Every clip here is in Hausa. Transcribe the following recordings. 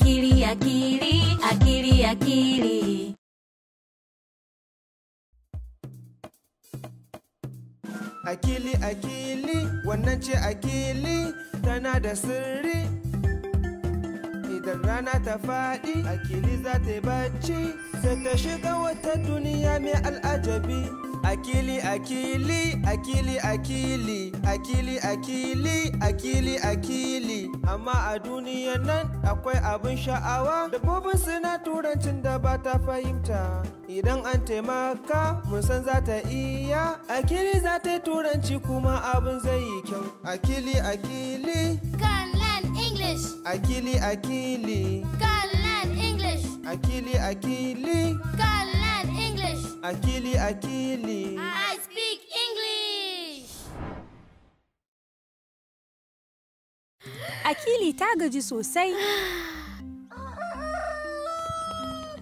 akili akili akili akili akili akili wannan ce akili tana da sirri idan rana ta faɗi akili za ta yi bacci sai ta shiga wata duniya mai al'ajabi akili akili akili akili akili akili akili akili amma a duniyan nan akwai abin sha'awa dabbobin suna turancin da ba ta fahimta idan an taimaka mun san za ta iya akili za ta yi turanci kuma abin zai yi kyau akili akili can learn english akili akili can learn english akili akili can Akili, akili. I speak English. Akili ta gaji sosai.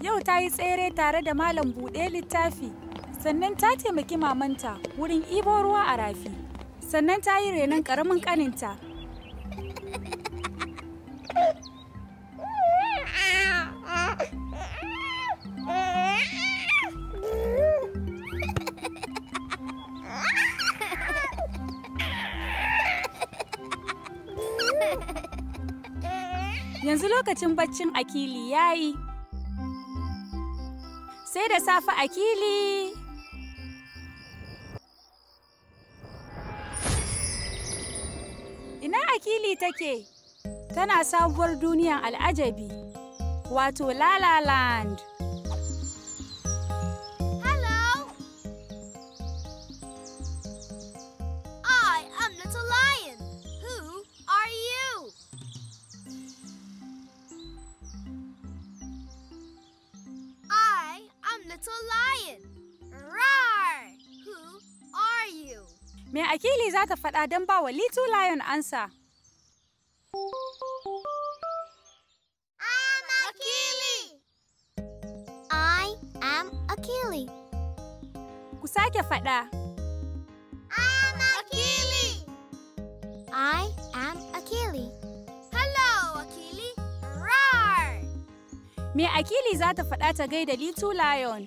Yau ta yi tsere tare da malam buɗe littafi, sannan ta taimaki mamanta wurin ibo ruwa a rafi, sannan ta yi renon ƙaramin ƙaninta Yanzu lokacin baccin Akili ya yi. Sai da safe Akili. Ina Akili take? Tana sabuwar duniyan al'ajabi, wato La La Land. Me Akili za ta faɗa don ba wa Little Lion ansa? I'm Akili! I am Akili. Ku sake faɗa. I'm Akili! I am Akili. Hello, Akili! Roar! Me Akili za ta faɗa ta gaida Little Lion?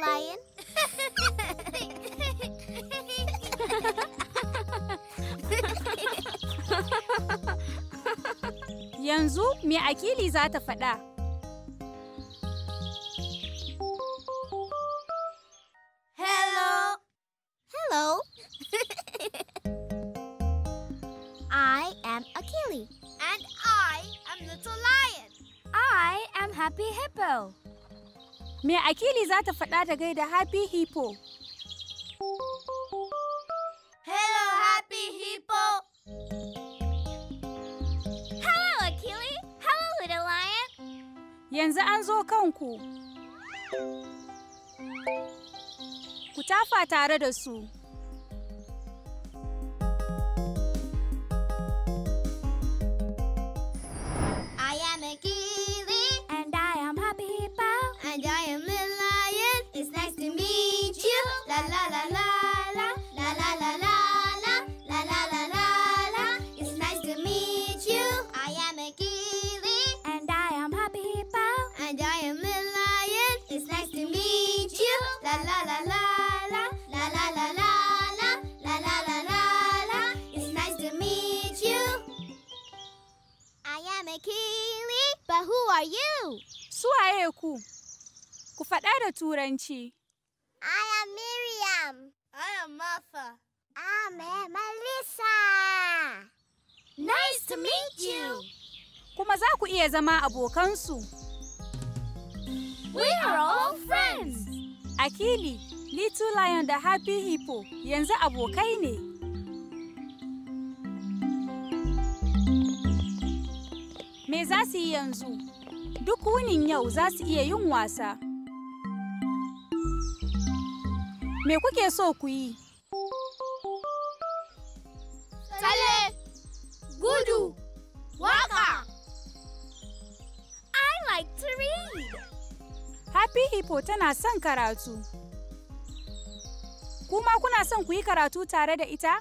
lion. Yanzu me akili za ta faɗa? Akili za ta faɗa da gaida Happy Hippo. Hello, Happy Hippo! Hello, Akili! Hello, Little Lion! Yanzu an zo kanku. Ku tafa tare da su. Turanci. I am Miriam. I am Martha. I'm Melissa. Nice to meet you. Kuma za ku iya zama abokansu. We are all friends. Akili, Little Lion da Happy Hippo yanzu abokai ne. Me za su yi yanzu? Duk wunin yau za su iya yin wasa. Me kuke so ku yi? Tsalle, gudu, waka. I like to read. Happy Hippo tana son karatu. Kuma kuna son ku yi karatu tare da ita?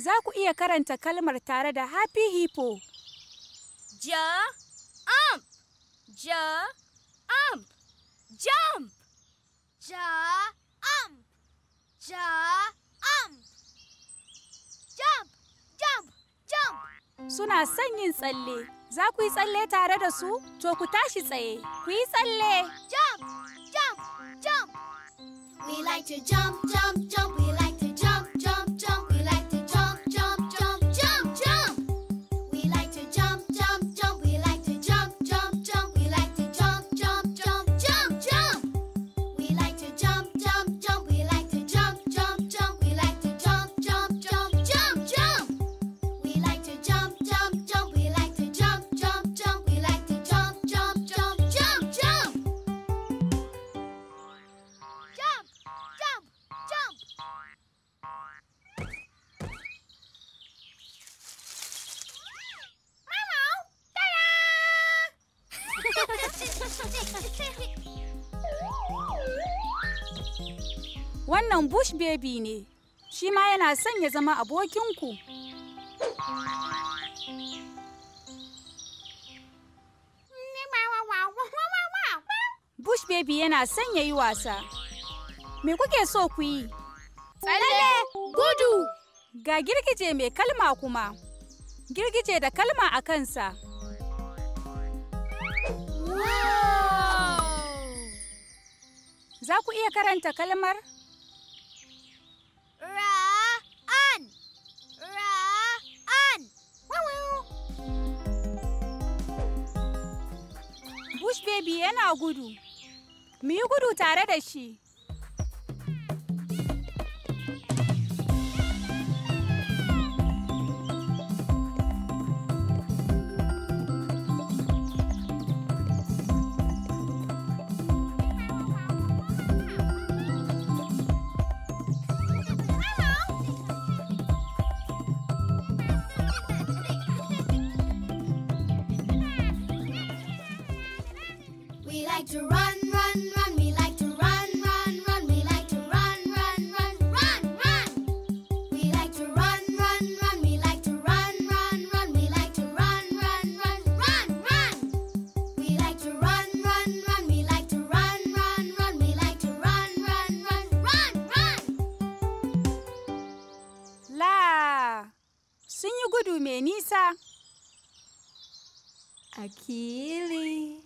Za ku iya karanta kalmar tare da Happy Hippo. Ja, Jump! jump, jump Jump! jump jump jump Suna son yin tsalle za ku yi tsalle tare da su to ku tashi tsaye ku yi tsalle jump jump jump We like to jump jump jump we like Ivan bush baby ne, shi ma yana son ya zama abokin ku Bush baby yana son ya yi wasa. Me kuke so ku yi? Tsalle! Gudu! Ga girgije mai kalma kuma. Girgije da kalma a kansa. Za ku iya karanta kalmar? bush baby yana gudu. Mu yi gudu tare da shi. gudu mai nisa. Akili.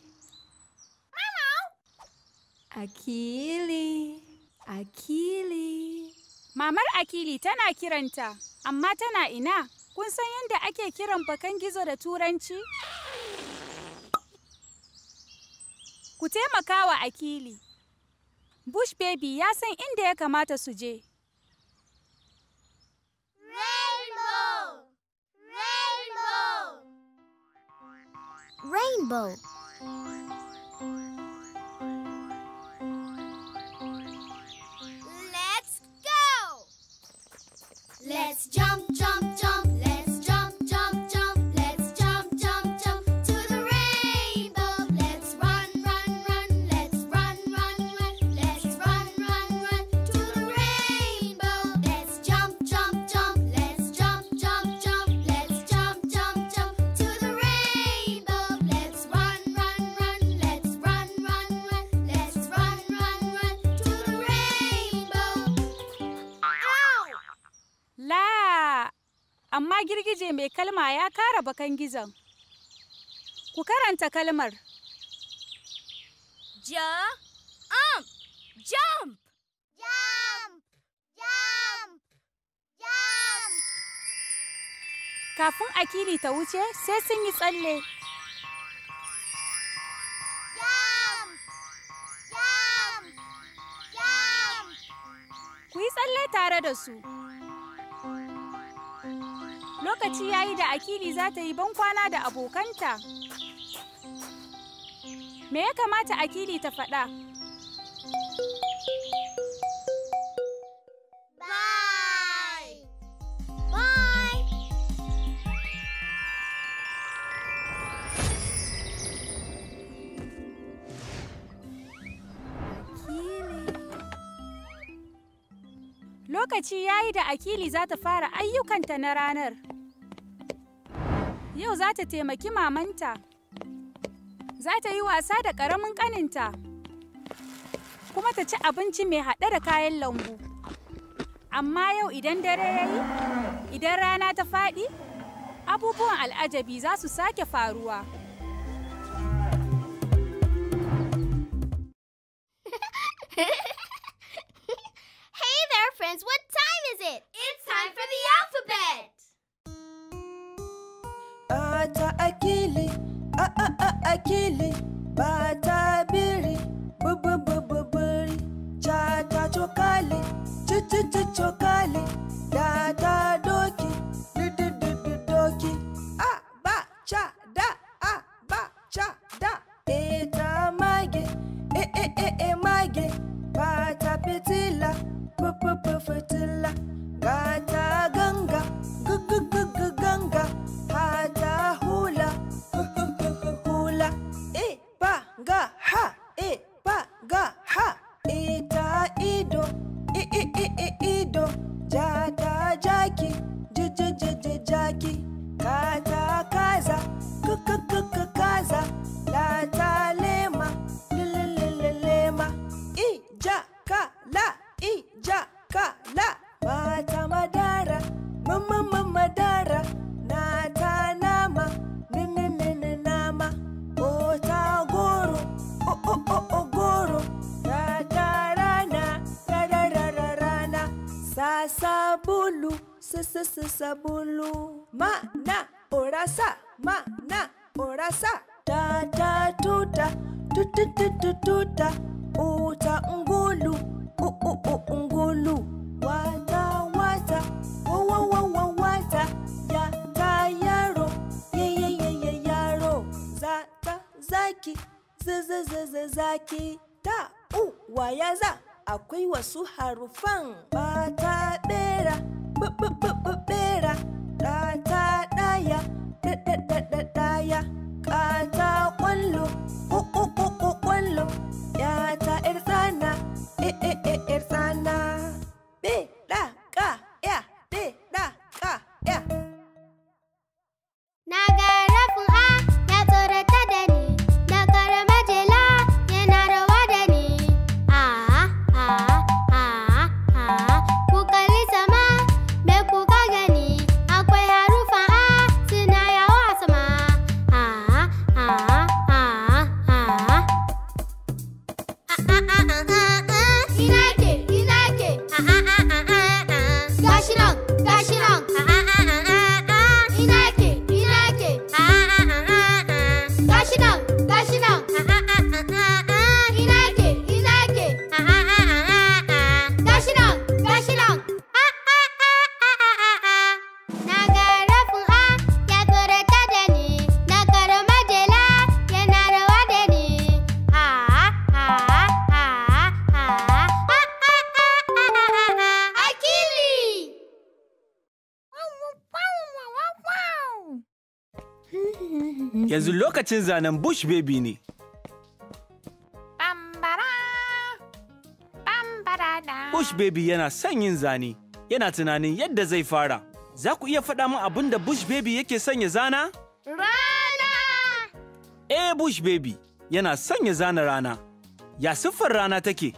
Akili, Akili. Mamar Akili tana kiranta, amma tana ina? Kun san yadda ake kiran bakan gizo da turanci? Ku taimaka wa Akili. Bush baby ya san inda ya kamata su je. rainbow. kalma ya kara bakan gizon. Ku karanta kalmar. Ja, amp, jump. Jam! Um, Jam! Kafin akili ta wuce sai sun yi tsalle. Ku yi tsalle tare da su. lokaci ya yi da akili za ta yi bankwana da abokanta. Me ya kamata akili ta faɗa? Lokaci ya yi da akili za ta fara ayyukanta na ranar. Yau za ta taimaki mamanta. Za ta yi wasa da ƙaramin ƙaninta. Kuma ta ci abinci mai haɗe da kayan lambu. Amma yau idan dare ya yi, idan rana ta faɗi, abubuwan al'ajabi za su sake faruwa. akili ba ta biri bububububuri cha cha chokali chu chu chu zaki ta u waya za akwai wasu harufan ba ta bera b ta ta daya da da da daya Yanzu lokacin zanen Bush baby ne. Bush baby yana son yin zane, yana tunanin yadda zai fara. Za ku iya faɗa min abin da Bush baby yake son ya zana? Rana! Eh Bush baby yana son ya zana rana. Ya siffar rana take?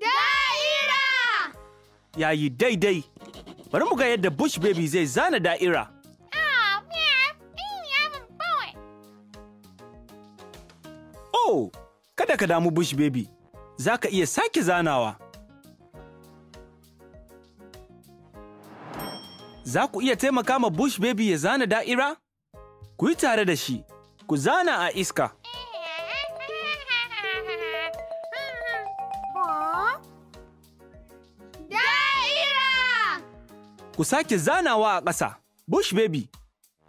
Da'ira! Yayi daidai. Bari mu ga yadda Bush baby zai zana da'ira. Oh, kada ka damu Bush Baby, za ka iya sake zanawa. Za ku iya taimaka ma Bush Baby ya zana da'ira? Ku yi tare da shi, ku zana a iska. Da'ira! Ku sake zanawa a ƙasa, Bush Baby,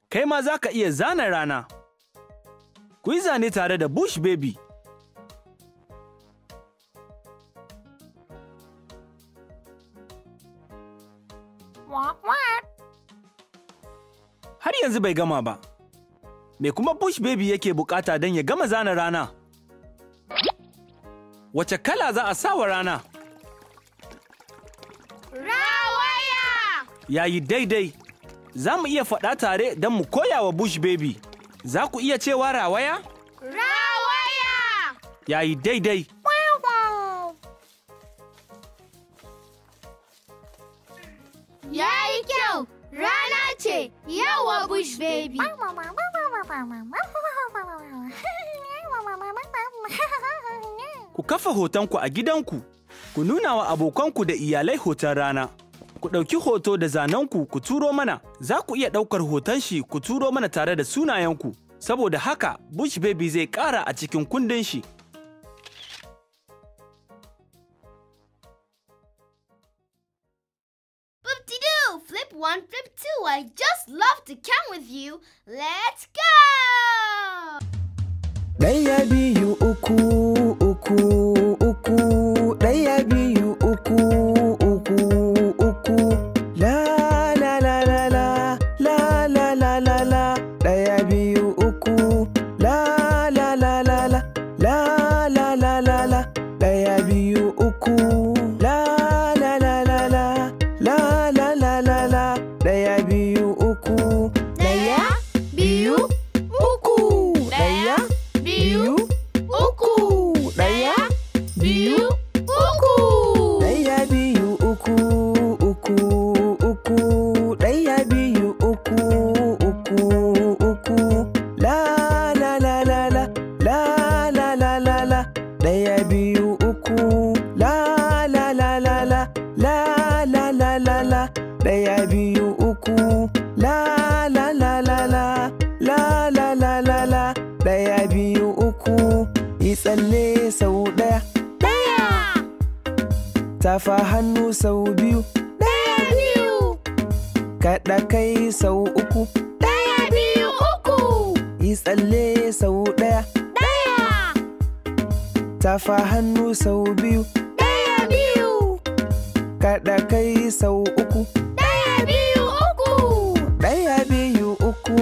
kai ma za ka iya zana rana. ku yi zane tare da Bush Baby. Har yanzu bai gama ba, me kuma Bush Baby yake bukata don ya gama zana rana? Wace kala za a sa wa rana? Rawaya! Yayi daidai, za mu iya faɗa tare don mu koya wa Bush Baby. Za ku iya cewa rawaya? Rawaya! Yayi daidai. yi kyau, rana ce, yawa bush baby. Ku kafa hotonku a gidanku, ku nuna wa abokanku da iyalai hoton rana. ku ɗauki hoto da zanenku ku turo mana za ku iya ɗaukar hoton shi ku turo mana tare da sunayenku saboda haka bush baby zai ƙara a cikin kundin shi one, flip two. I just love to come with you. Let's go! Ɗaya biyu uku uku tafa hannu sau biyu ɗaya biyu kaɗa kai sau uku ɗaya biyu uku yi tsalle sau ɗaya ɗaya tafa hannu sau biyu ɗaya biyu kaɗa kai sau uku ɗaya biyu uku ɗaya biyu uku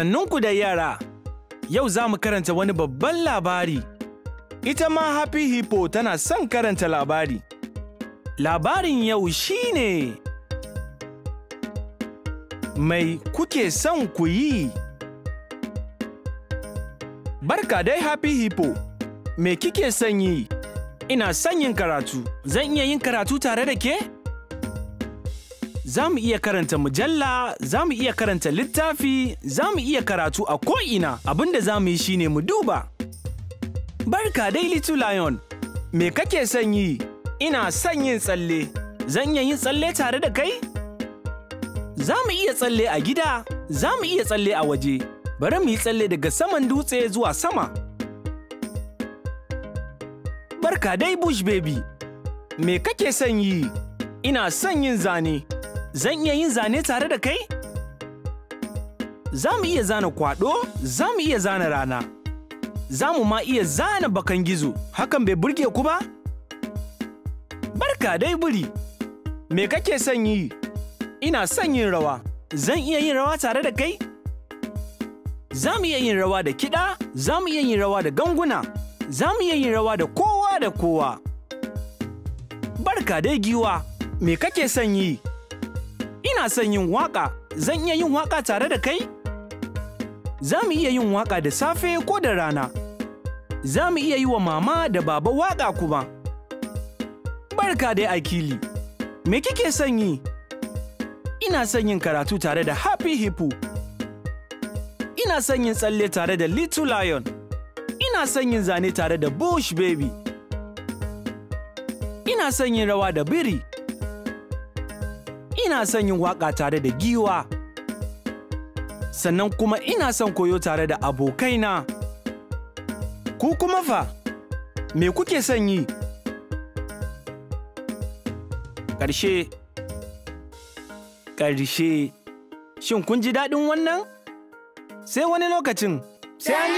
Sannunku da yara, yau za mu karanta wani babban labari. Ita ma Happy Hippo tana son karanta labari. Labarin yau shi ne Mai kuke son ku yi? Barka dai Happy Hippo, me kike son yi? Ina son yin karatu, zan iya yin karatu tare da ke? za mu iya karanta mujalla, za mu iya karanta littafi, za mu iya karatu a ko'ina abinda za mu yi shine mu duba. Barka dai Little Lion, me kake son yi? Ina son yin tsalle, zan iya yin tsalle tare da kai? Za mu iya tsalle a gida, za mu iya tsalle a waje, bari mu yi tsalle daga saman dutse zuwa sama. Barka dai Bush Baby, me kake son yi? Ina son yin zane. Zan iya yin zane tare da kai? Za mu iya zana kwaɗo, za mu iya zana rana. Za mu ma iya zana bakan gizo, hakan bai burge ku ba? Barka dai buri, me kake son yi? Ina son yin rawa, zan iya yin rawa tare da kai? Za mu iya yin rawa da kiɗa, za mu iya yin rawa da ganguna, za mu iya yin rawa da kowa da kowa. Barka dai giwa, me kake son yi? Ina son yin waƙa, zan iya yin waƙa tare da kai? Za mu iya yin waƙa da safe ko da rana. Za mu iya yi wa mama da baba waƙa kuma. Barka dai Akili, me kike son yi? Ina son yin karatu tare da Happy Hippo. Ina son yin tsalle tare da Little Lion. Ina son yin zane tare da Bush Baby. Ina son yin rawa da biri. ina son yin waƙa tare da giwa. Sannan kuma ina son koyo tare da abokaina. Ku kuma fa, me kuke son yi? Ƙarshe, ƙarshe, shin kun ji daɗin wannan? Sai wani lokacin, sai an